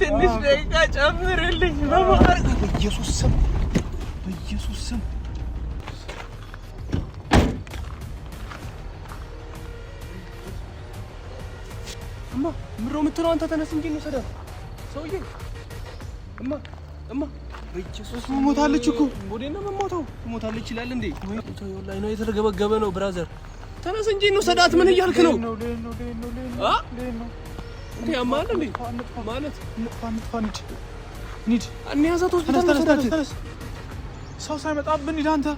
ትንሽ ደቂቃ ጨምርልኝ በኢየሱስ ስም በኢየሱስ ስም እማ ምሮ የምትለው አንተ ተነስ እንጂ እንውሰዳት ሰውዬ እማ እማ በኢየሱስ ሞታለች እኮ ወዴት ነው የምትሞተው ሞታለች ይላል እንዴ ላይ ነው የተረገበገበ ነው ብራዘር ተነስ እንጂ እንውሰዳት ምን እያልክ ነው ሰው ሳይመጣብን ሂድ አንተ።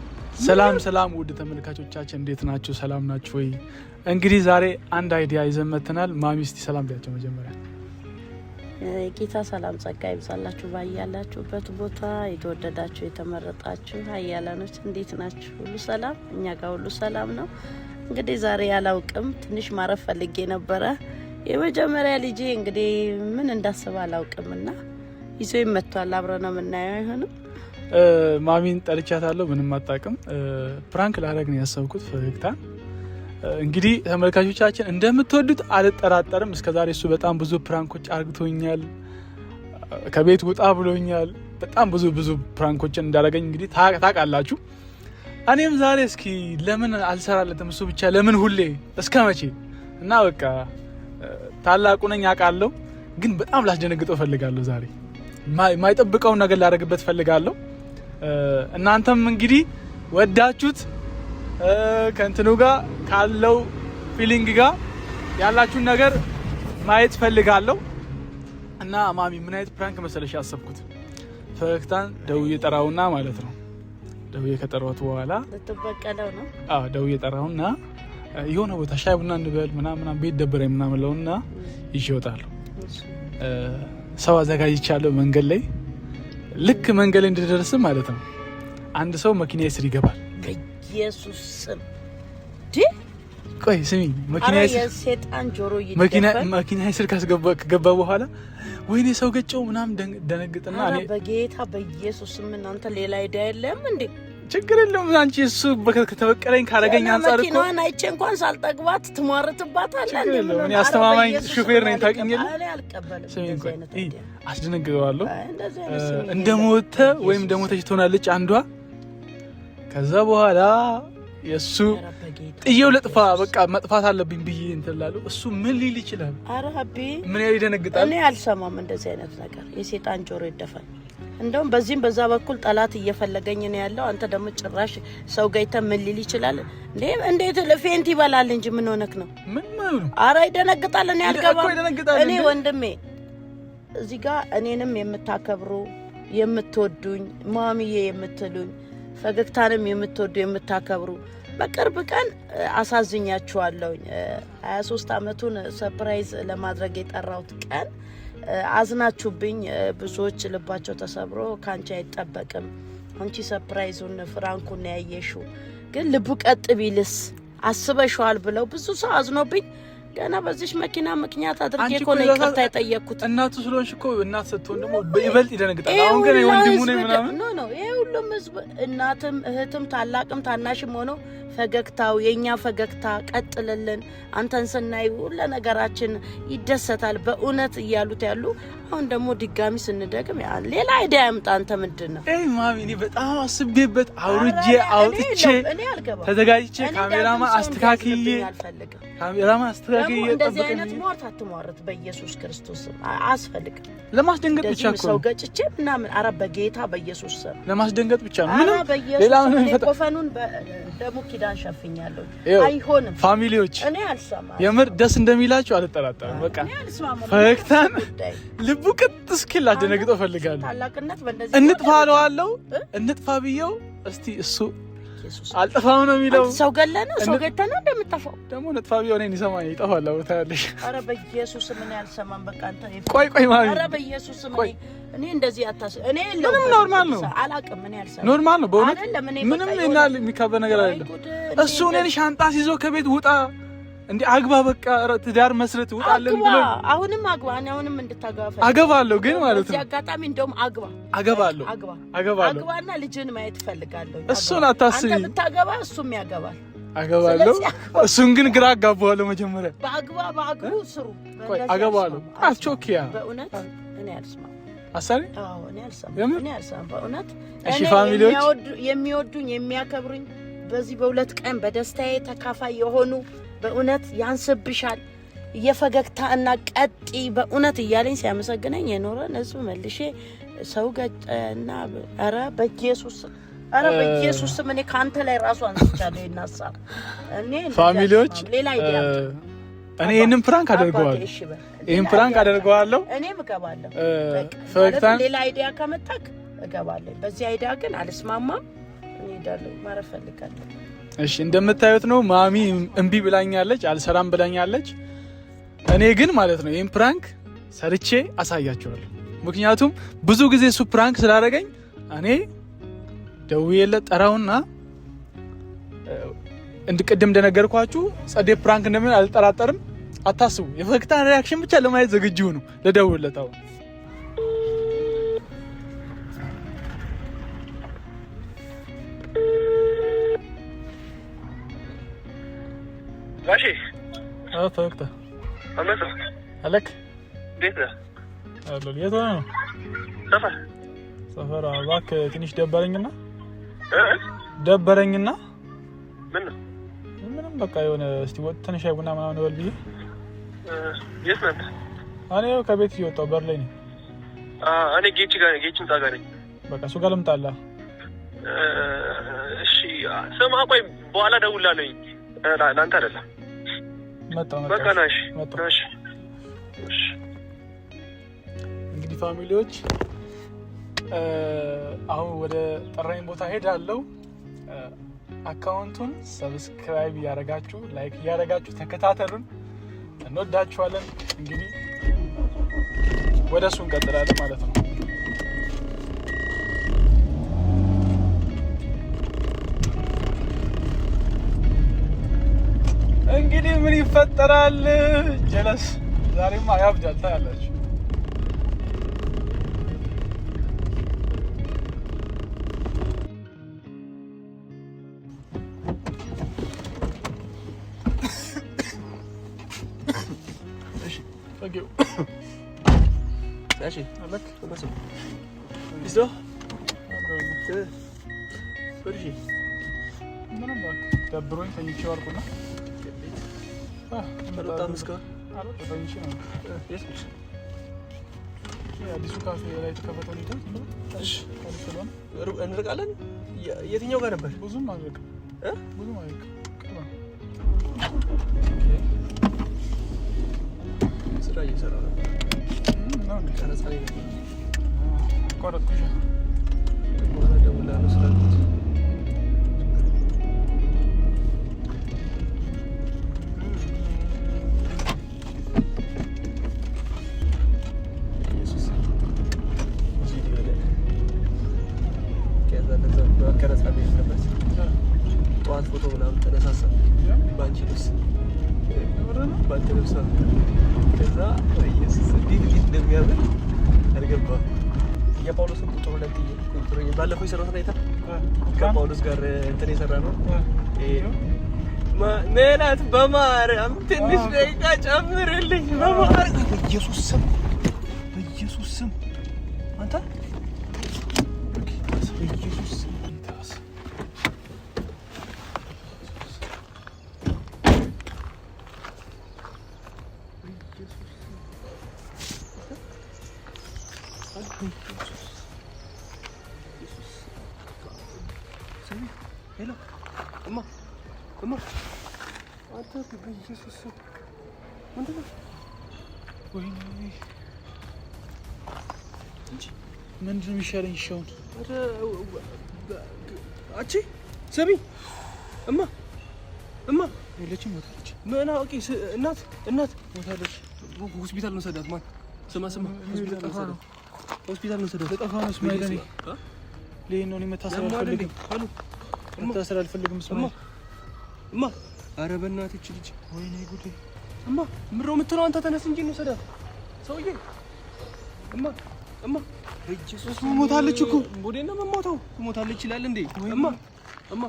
ሰላም ሰላም፣ ውድ ተመልካቾቻችን እንዴት ናችሁ? ሰላም ናችሁ ወይ? እንግዲህ ዛሬ አንድ አይዲያ ይዘን መጥተናል። ማሚ እስቲ ሰላም ቢያቸው መጀመሪያ ጌታ ሰላም ጸጋ ይብዛላችሁ ባያላችሁበት ቦታ የተወደዳችሁ የተመረጣችሁ ሀያላኖች እንዴት ናችሁ? ሁሉ ሰላም? እኛ ጋር ሁሉ ሰላም ነው። እንግዲህ ዛሬ አላውቅም፣ ትንሽ ማረፍ ፈልጌ ነበረ የመጀመሪያ ልጄ እንግዲህ ምን እንዳስብ አላውቅምና ይዞ ይመቷል። አብረ ነው የምናየው። አይሆንም ማሚን ጠልቻታለሁ። ምንም አጣቅም። ፕራንክ ላረግ ነው ያሰብኩት ፈገግታ እንግዲህ ተመልካቾቻችን እንደምትወዱት አልጠራጠርም። እስከ ዛሬ እሱ በጣም ብዙ ፕራንኮች አርግቶኛል፣ ከቤት ውጣ ብሎኛል። በጣም ብዙ ብዙ ፕራንኮችን እንዳደረገኝ እንግዲህ ታውቃላችሁ። እኔም ዛሬ እስኪ ለምን አልሰራለትም እሱ ብቻ ለምን ሁሌ እስከ መቼ እና በቃ ታላቁ ነኝ አውቃለሁ፣ ግን በጣም ላስደነግጠው ፈልጋለሁ። ዛሬ የማይጠብቀውን ነገር ላደርግበት ፈልጋለሁ። እናንተም እንግዲህ ወዳችሁት ከእንትኑ ጋር ካለው ፊሊንግ ጋር ያላችሁን ነገር ማየት ፈልጋለሁ እና ማሚ ምን አይነት ፕራንክ መሰለሽ ያሰብኩት ፈገግታን ደውዬ ጠራውና ማለት ነው። ደውዬ ከጠራሁት በኋላ ልትበቀለው ነው። ደውዬ ጠራውና የሆነ ቦታ ሻይ ቡና እንበል ምናምና ቤት ደበረኝ ምናምን ለው እና ይዤ እወጣለሁ። ሰው አዘጋጅቻለሁ መንገድ ላይ ልክ መንገድ ላይ እንድደርስ ማለት ነው። አንድ ሰው መኪና ስር ይገባል። በኢየሱስ ስም ቆይ ስሚ፣ መኪና ስር ከገባ በኋላ ወይኔ ሰው ገጨው ምናምን ደነግጥና በጌታ በኢየሱስ ስም እናንተ ሌላ ሄዳ የለም እንዴ ችግር የለውም። አንቺ እሱ ከተበቀለኝ ካረገኝ አንጻር እኮ መኪናዋን አይቼ እንኳን ሳልጠግባት ትሟርትባታለህ። አስተማማኝ ሹፌር ነኝ። ታውቂኝ የለ እንደ ሞተ ወይም እንደ ሞተች ትሆናለች አንዷ። ከዛ በኋላ የእሱ ጥዬው ለጥፋ በቃ መጥፋት አለብኝ ብዬ እንትን እላለሁ። እሱ ምን ሊል ይችላል? ምን ያህል ይደነግጣል? እኔ አልሰማም እንደዚህ አይነት ነገር። የሴጣን ጆሮ ይደፋል። እንደውም በዚህም በዛ በኩል ጠላት እየፈለገኝ ነው ያለው። አንተ ደግሞ ጭራሽ ሰው ገይተ ምን ሊል ይችላል እንዴ? እንዴት ለፌንት ይበላል እንጂ ምን ሆነክ ነው? ምን ማለት አረ ይደነግጣል። እኔ አልገባ እኔ ወንድሜ እዚህ ጋር እኔንም የምታከብሩ የምትወዱኝ፣ ማሚዬ የምትሉኝ፣ ፈገግታንም የምትወዱ የምታከብሩ በቅርብ ቀን አሳዝኛችኋለሁኝ። 23 አመቱን ሰርፕራይዝ ለማድረግ የጠራሁት ቀን አዝናችሁብኝ ብዙዎች ልባቸው ተሰብሮ ከአንቺ አይጠበቅም፣ አንቺ ሰፕራይዙን ፍራንኩን ያየሽው ግን ልቡ ቀጥ ቢልስ አስበሽዋል ብለው ብዙ ሰው አዝኖብኝ ገና በዚሽ መኪና ምክንያት አድርጌ እኮ ነው ይቅርታ የጠየቅኩት። እናቱ ስለሆንሽ እኮ እናት ስትሆን ደግሞ ይበልጥ ይደነግጣል። አሁን ግን ወንድሙ ነው ምናምን ሁሉም ህዝብ እናትም፣ እህትም፣ ታላቅም ታናሽም ሆኖ ፈገግታው የእኛ ፈገግታ ቀጥልልን፣ አንተን ስናይ ሁሉ ነገራችን ይደሰታል በእውነት እያሉት ያሉ። አሁን ደግሞ ድጋሚ ስንደግም ሌላ አይዳ ያምጣ። አንተ ምንድን ነው ማሚ? እኔ በጣም አስቤበት አውርጄ አውጥቼ ተዘጋጅቼ ካሜራማ አስተካክዬ ካሜራማ አስተካክዬ እንደዚህ አይነት ሟርት አትሟርት፣ በኢየሱስ ክርስቶስ አስፈልግ ለማስደንገጥ ብቻ ሰው ገጭቼ ምናምን፣ አረ በጌታ በኢየሱስ ስም ለማስደንገጥ መደንገጥ ብቻ ነው። ምንም ሌላ ምንም ይፈታ። ቆፈኑን ደሙ ኪዳን ሸፍኛለሁ። አይሆንም ፋሚሊዎች፣ እኔ አልሰማም። የምር ደስ እንደሚላችሁ አልጠራጠርም። በቃ ፈክታን ልቡ ቅጥ እስኪል አደነግጦ እፈልጋለሁ። እንጥፋ አለው። እንጥፋ ብየው እስቲ እሱ አልጠፋም ነው የሚለው። ሰው ገለ ነው ሰው ገተነ እንደምጠፋው ደግሞ ነጥፋ ቢሆን እኔን ይሰማኛል። ይጠፋል። አዎ ታያለሽ። ኧረ በኢየሱስ ምን ያልሰማን በቃ አንተ ቆይ ቆይ ማለት ኧረ በኢየሱስ ምን እኔ እንደዚህ አታስ እኔ ምንም ኖርማል ነው። አላውቅም እኔ አልሰራም። ኖርማል ነው በእውነት ምንም ይናል የሚካበድ ነገር አይደለም። እሱ እኔን ሻንጣ ሲዞ ከቤት ውጣ እንዴ አግባ፣ በቃ ትዳር መስረት ውጣለን ብሎ አሁንም አግባ ነው አሁንም እንድታገባ አገባለሁ፣ ግን ማለት ነው አጋጣሚ እንደውም አግባ አገባለሁ አገባለሁ አግባና ልጅን ማየት ፈልጋለሁ። እሱን አታስቢ፣ አንተ ብታገባ እሱም ያገባል። አገባለሁ እሱን ግን ግራ አጋባዋለሁ። መጀመሪያ በአግባ በአግቡ ስሩ አገባለሁ። አቾኪያ በእውነት እኔ አልስማም አሳሪ በእውነት እሺ፣ ፋሚሊዎች የሚወዱኝ የሚያከብሩኝ በዚህ በሁለት ቀን በደስታዬ ተካፋይ የሆኑ በእውነት ያንስብሻል የፈገግታ እና ቀጢ በእውነት እያለኝ ሲያመሰግነኝ የኖረ ህዝብ መልሼ ሰው ገጠና ኧረ በኢየሱስ አረ በኢየሱስ ምን እኔ ከአንተ ላይ ራሱ አንስቻለሁ። ይናሳ እኔ ፋሚሊዎች ሌላ አይዲያ እኔ ይህንን ፕራንክ አደርገዋለሁ። ይህን ፕራንክ አደርገዋለሁ። እኔም እገባለሁ። ፈገግታን ሌላ አይዲያ ከመጣክ እገባለሁ። በዚህ አይዲያ ግን አልስማማም። እሄዳለሁ። ማረፍ ፈልጋለሁ። እሺ፣ እንደምታዩት ነው። ማሚ እምቢ ብላኛለች፣ አልሰራም ብላኛለች። እኔ ግን ማለት ነው ይህን ፕራንክ ሰርቼ አሳያቸዋለሁ። ምክንያቱም ብዙ ጊዜ እሱ ፕራንክ ስላደረገኝ እኔ ደውዬለት ጠራውና እንድቅድም እንደነገርኳችሁ ጸዴ ፕራንክ እንደምን አልጠራጠርም። አታስቡ። የፈገግታን ሪያክሽን ብቻ ለማየት ዝግጁ ነው። ልደውልለት አሁን። ፈገግታ አለክ የት ነው? ሰፈር እባክህ ትንሽ ደበረኝና ደበረኝና በቃ የሆነ እስኪ ትንሽ ቡና ምናምን በል ብዬ እኔ ከቤት እየወጣሁ በር ላይ ነኝ። እኔ ጌች ጋር ጌች ምጣ ጋር ነኝ። በቃ እሱ ጋር ልምጣላ። እሺ ስማ፣ ቆይ በኋላ ደውላለኝ። ለአንተ አይደለም። በቃ እሺ እንግዲህ ፋሚሊዎች አሁን ወደ ጠራኝ ቦታ ሄዳለሁ። አካውንቱን ሰብስክራይብ እያደረጋችሁ ላይክ እያደረጋችሁ ተከታተሉን። እንወዳችኋለን። እንግዲህ ወደ እሱ እንቀጥላለን ማለት ነው። እንግዲህ ምን ይፈጠራል? ጀለስ ዛሬማ ያብጃል ታያላችሁ። Thank you. Sehr schön. Leck. Immer so. Bist du? እ ምንም በቃ ደብሮኝ ተኝቼ ዋልኩና አዲሱ ካፌ ላይ የተከፈተው እንርቃለን። የትኛው ጋር ነበር? ብዙም አልርቅም። ብዙም አልርቅም يجرى خلاص خلينا كرة كوجة ولا نسرت የጳውሎስን ቁጥር ሁለት ቁጥር ባለፈው የሰራሁት አይታ ከጳውሎስ ጋር እንትን የሰራ ነው። ሜላት በማርያም ትንሽ ደቂቃ ጨምርልኝ በማርያም በኢየሱስ ስም በኢየሱስ ስም ምንድን ነው የሚሻለኝ? ይሻውን አቺ ሰሚ እማ እማ የለችም፣ ሞታለች። ምን አውቄ እናት እናት ሞታለች። ሆስፒታል ነው ሰዳት ማን ስማ ስማ ሆስፒታል ነው ሆስፒታል ወሰደው። ለጠፋነውስ ማይለኝ ለይን ነው መታሰር አልፈልግም፣ መታሰር አልፈልግም። እማ እማ፣ ኧረ በእናትህ እች ልጅ ወይኔ ጉዴ! እማ ምሮ የምትለው አንተ ተነስ እንጂ ነው እንውሰዳት። ሰውዬ እማ እማ፣ ኢየሱስ ሞታለች እኮ ወዴ ነው የምትሞተው? ሞታለች ይላል እንዴ? እማ እማ፣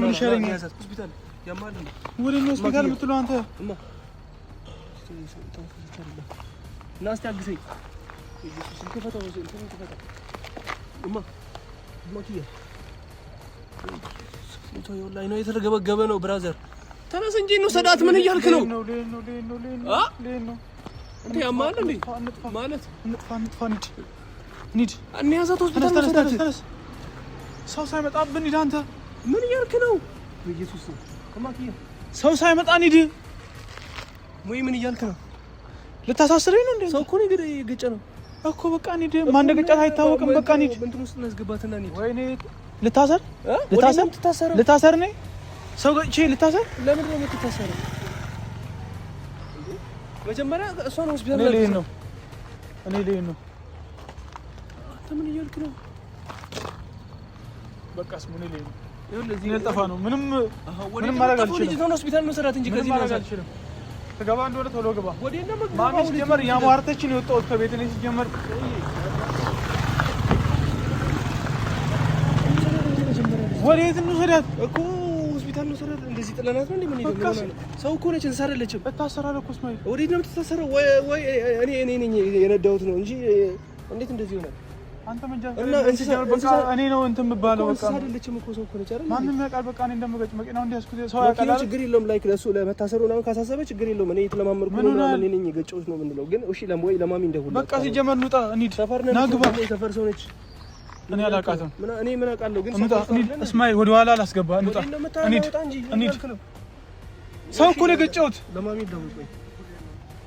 ነው ምን ይሻለኛል? ሆስፒታል ያማል እንዴ? ወዴ ነው ሆስፒታል የምትለው አንተ? እማ እና እስኪ አግዘኝ ነው የተረገበገበ ነው። ብራዘር ተነስ እንጂ ሰዳት ምን እያልክ ነው? ሰው ሳይመጣብን ሂድ። አንተ ምን እያልክ ነው? ሰው ሳይመጣ ሂድ። ወይ ምን እያልክ ነው? ልታሳስረኝ ነው? እንደ ሰው እኮ ነው የገጨ ነው እኮ በቃ እንሂድ። ማንደገጫት አይታወቅም። በቃ እንሂድ። እንትን ውስጥ እናስገባትና እንሂድ። ወይኔ ልታሰር ልታሰር ልታሰር ነኝ ሰው ገጭቼ ልታሰር። ለምን ነው የምትታሰረው? መጀመሪያ እሷን ሆስፒታል ላይ ነው እኔ ልሄድ ነው። አንተ ምን እያልክ ነው? በቃ ስሙ እኔ ልሄድ ነው። ይኸውልህ እዚህ ልጠፋ ነው። ምንም ምንም ማድረግ አልችልም። ሆስፒታል መሰራት እንጂ ከዚህ ማድረግ አልችልም። ትገባ እንደሆነ ቶሎ ግባ። ማሚ ሲጀመር እያሟርተች ነው የወጣሁት ከቤት እኔ ሲጀመር ወዴት እንውሰዳት እኮ ሆስፒታል እንውሰዳት። እንደዚህ ጥለናት ነው እንደምን ሰው እኮ ነች፣ እንሰራለችም እታሰራለች እኮ ወዴት ነው የምትታሰረው? ወይ እኔ ነኝ የነዳሁት ነው እንጂ እንዴት እንደዚህ ይሆናል? አንተ ምን ሰው እኮ ለመታሰሩ ምናምን ካሳሰበ ችግር የለውም። እኔ የተለማመርኩ ነው እና እኔ ነኝ የገጨሁት ለማሚ እንደሁላ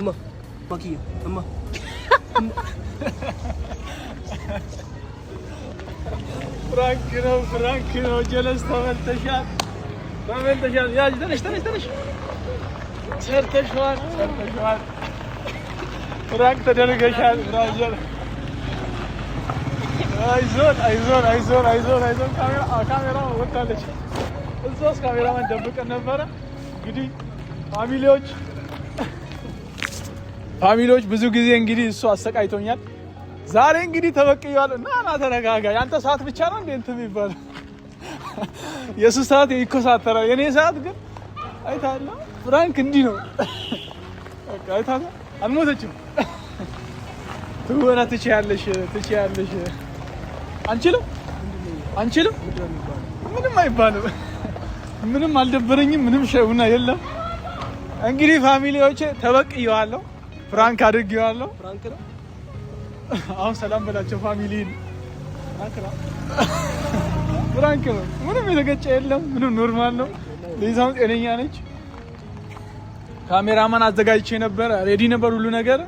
Ama bakayım. Ama. Frankino, Frankino, جلست عملت شاب ما عملت شاب يا دنش دنش دنش صرت شوان صرت شوان فرانك تدرك شاب راجل ايزون ايزون ايزون ايزون ايزون كاميرا كاميرا وقلت لك الزوز كاميرا من دبك النبرة قدي فاميليوش ፋሚሊዎች ብዙ ጊዜ እንግዲህ እሱ አሰቃይቶኛል። ዛሬ እንግዲህ ተበቅያለሁ። ና ና ተረጋጋ። ያንተ ሰዓት ብቻ ነው እንዴ እንትን የሚባለው? የእሱ ሰዓት ይኮሳተራል። የእኔ ሰዓት ግን አይታለ ፍራንክ እንዲህ ነው። አይታለ አልሞተችም። ትወና ትችያለሽ፣ ትችያለሽ። አንችልም፣ አንችልም፣ ምንም አይባልም። ምንም አልደበረኝም። ምንም ሸውና የለም። እንግዲህ ፋሚሊዎቼ ተበቅየዋለሁ። ፍራንክ አድርጌዋለሁ። ፍራንክ ነው። አሁን ሰላም በላቸው ፋሚሊን። ፍራንክ ነው፣ ምንም የተገጨ የለም። ምንም ኖርማል ነው። ሌዛም ጤነኛ ነች። ካሜራማን አዘጋጅቼ ነበረ፣ ሬዲ ነበር ሁሉ ነገር።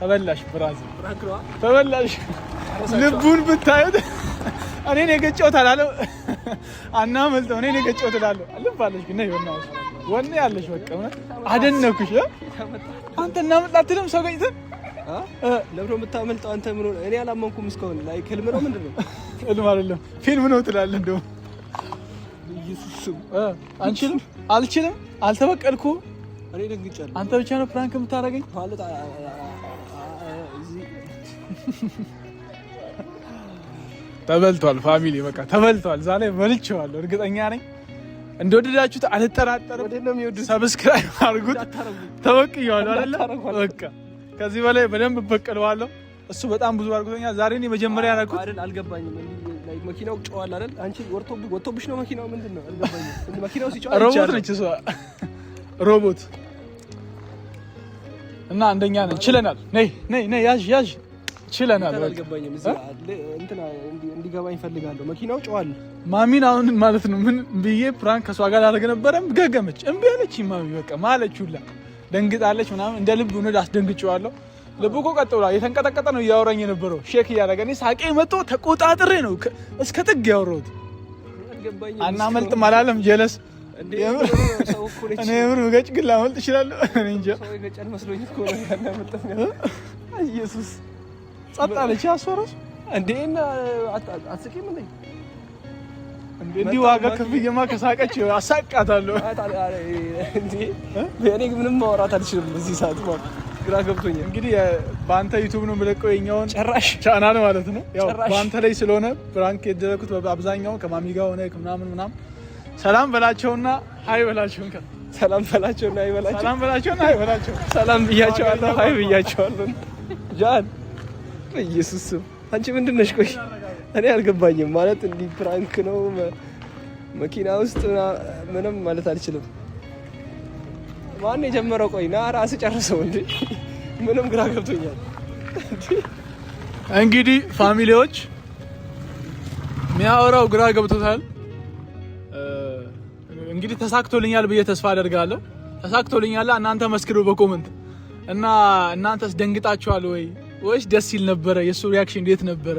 ተበላሽ፣ ብራዝ ተበላሽ። ልቡን ብታዩት እኔን የገጨሁት አላለም። አናመልጠው እኔን የገጨሁት እላለሁ። ልብ አለች ግን ይሆናል ወን ያለሽ በቃ እውነት አደነኩሽ። አንተ እናመልጣትልም ሰው ገኝተን ለብሮ የምታመልጠው አንተ ምን ሆነ? እኔ አላመንኩም እስካሁን። ላይ ህልም ነው ምንድን ነው? ህልም አይደለም ፊልም ነው ትላለህ። እንደውም ኢየሱስም አንችልም፣ አልችልም፣ አልተበቀልኩ። እኔ ደንግጫለሁ። አንተ ብቻ ነው ፕራንክ የምታደርገኝ ማለት ተበልቷል። ፋሚሊ በቃ ተበልቷል። ዛሬ በልቼዋለሁ፣ እርግጠኛ ነኝ። እንደወደዳችሁት አልጠራጠርም። ሰብስክራይብ አድርጉት። ተወቅየዋለሁ አይደለ? በቃ ከዚህ በላይ በደንብ እበቀለዋለሁ። እሱ በጣም ብዙ አድርጎኛ። ዛሬ እኔ መጀመሪያ ያደረኩት አልገባኝም። መኪናው ጨዋል አይደል? አንቺ ወጥቶብሽ ነው መኪናው። ምንድን ነው አልገባኝም። መኪናው ሮቦት ነች እሷ ሮቦት እና አንደኛ ነን። ችለናል። ነይ ነይ ነይ፣ ያዥ ያዥ ችለናል። እንዲገባኝ እፈልጋለሁ። መኪናው ጨዋል። ማሚን አሁን ማለት ነው ምን ብዬ ፕራንክ ከሷ ጋር ላደረገ ነበረ። ገገመች፣ እምቢ አለች። ማሚ በቃ ማለች፣ ሁላ ደንግጣለች ምናምን። እንደ ልብ ሆነ አስደንግጬዋለሁ። ልቡ እኮ ቀጥ ብሏል። የተንቀጠቀጠ ነው እያወራኝ የነበረው ሼክ እያደረገ እኔ ሳቄ መጥቶ ተቆጣጥሬ ነው እስከ ጥግ ያወራሁት። አናመልጥም አላለም ጀለስ እኔ ብር ገጭ ግን ላመልጥ እችላለሁ። እኔ እንጃ ኢየሱስ ጸጥ አለች። አስወራሽ እንዴ? አትስቂም እንዴ? እንዲህ ዋጋ ክፍዬማ ከሳቀች አሳቃታለሁ። እኔ ምንም ማውራት አልችልም እዚህ ሰዓት ግራ ገብቶኛል። እንግዲህ በአንተ ዩቱብ ነው የምለቀው የኛውን ጭራሽ ቻናል ማለት ነው። ያው በአንተ ላይ ስለሆነ ፕራንክ የደረኩት አብዛኛውን ከማሚ ጋር ሆነ ምናምን ምናምን። ሰላም በላቸውና ሀይ በላቸው። ሰላም በላቸውና ሀይ በላቸው። ሰላም ብያቸዋለሁ፣ ሀይ ብያቸዋለሁ ጃን ኢየሱስ አንቺ ምንድን ነሽ? ቆይ እኔ አልገባኝም። ማለት እንዲህ ፕራንክ ነው መኪና ውስጥ ምንም ማለት አልችልም። ማን የጀመረው? ቆይ ና ራስ ጨርሰው እንዴ! ምንም ግራ ገብቶኛል። እንግዲህ ፋሚሊዎች ሚያወራው ግራ ገብቶታል። እንግዲህ ተሳክቶልኛል ብዬ ተስፋ አደርጋለሁ። ተሳክቶልኛል እናንተ መስክሩ በኮመንት እና እናንተስ ደንግጣችኋል ወይ? ወይስ ደስ ይል ነበረ? የእሱ ሪያክሽን እንዴት ነበረ?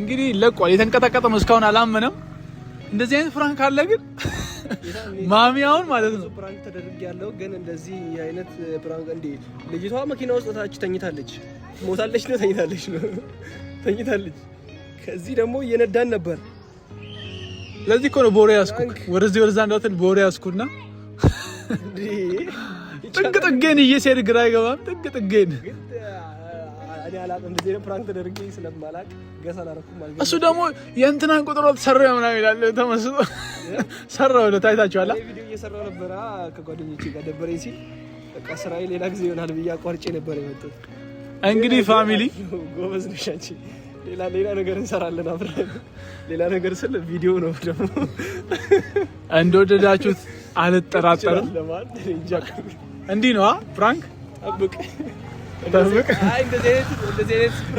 እንግዲህ ለቋል፣ የተንቀጠቀጠ ነው። እስካሁን አላመነም። እንደዚህ አይነት ፍራንክ አለ ግን ማሚያውን ማለት ነው። ፍራንክ ተደርግ ያለው ግን እንደዚህ አይነት ፍራንክ እንዴ! ልጅቷ መኪና ውስጥ ታች ተኝታለች፣ ሞታለች ነው ተኝታለች ነው ተኝታለች። ከዚህ ደግሞ እየነዳን ነበር። ለዚህ እኮ ነው ቦሬ ያስኩክ፣ ወደዚህ ወደዛ እንዳትን ቦሬ ያስኩና ጥግ ጥጌን እየሴድ ግራ ይገባል። ጥግ ጥጌን እሱ ደግሞ የእንትናን ቁጥሮ ሰራ ምናምን ይላል። ተመስጦ ሰራው ነው ታይታችኋላ። ቪዲዮ እየሰራው ነበረ ከጓደኞቼ ጋር ደበረኝ ሲል በቃ ስራዬ ሌላ ጊዜ ይሆናል ብዬ አቋርጬ ነበር የመጡት። እንግዲህ ፋሚሊ ጎበዝ ሌላ ሌላ ነገር እንሰራለን አብረን። ሌላ ነገር ስል ቪዲዮ ነው ደግሞ እንደወደዳችሁት አልጠራጠርም። እንዲህ ነዋ ፍራንክ ጠብቅ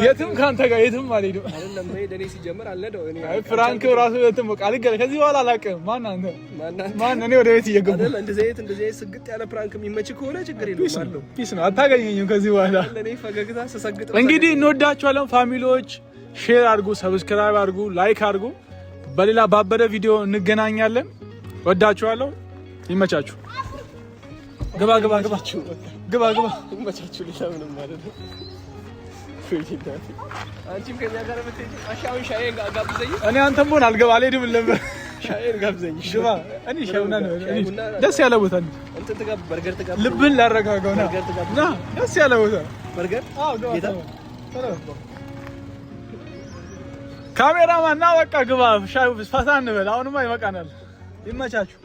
የትም ከአንተ ጋር የትም አልሄድም። ፍራንክ ራሱ የትም በቃ አልገ- ከዚህ በኋላ አላውቅም። ማን አንተ ማን? እኔ ወደ ቤት እየገቡ ስግጥ ያለ ፍራንክ የሚመች ከሆነ ችግር የለውም። ፒስ ነው፣ አታገኘኝም ከዚህ በኋላ። እንግዲህ እንወዳችኋለን ፋሚሊዎች። ሼር አድርጉ፣ ሰብስክራይብ አድርጉ፣ ላይክ አድርጉ። በሌላ ባበደ ቪዲዮ እንገናኛለን። ወዳችኋለሁ። ይመቻችሁ። ግባ ግባ ግባ ግባ ግባ። መቻችሁ ሌላ ምንም ማለት ነው። ከኛ ጋር አሻውን እኔ አንተም ብሆን አልገባ አልሄድም ነበር። ሻይ ቡና ነው ደስ ያለ ቦታ በርገር ልብን ላረጋጋው ና ና። ደስ ያለ ቦታ በርገር። አዎ ካሜራማን በቃ ግባ። ፈታ እንበል። አሁንማ ይመቃናል። ይመቻችሁ።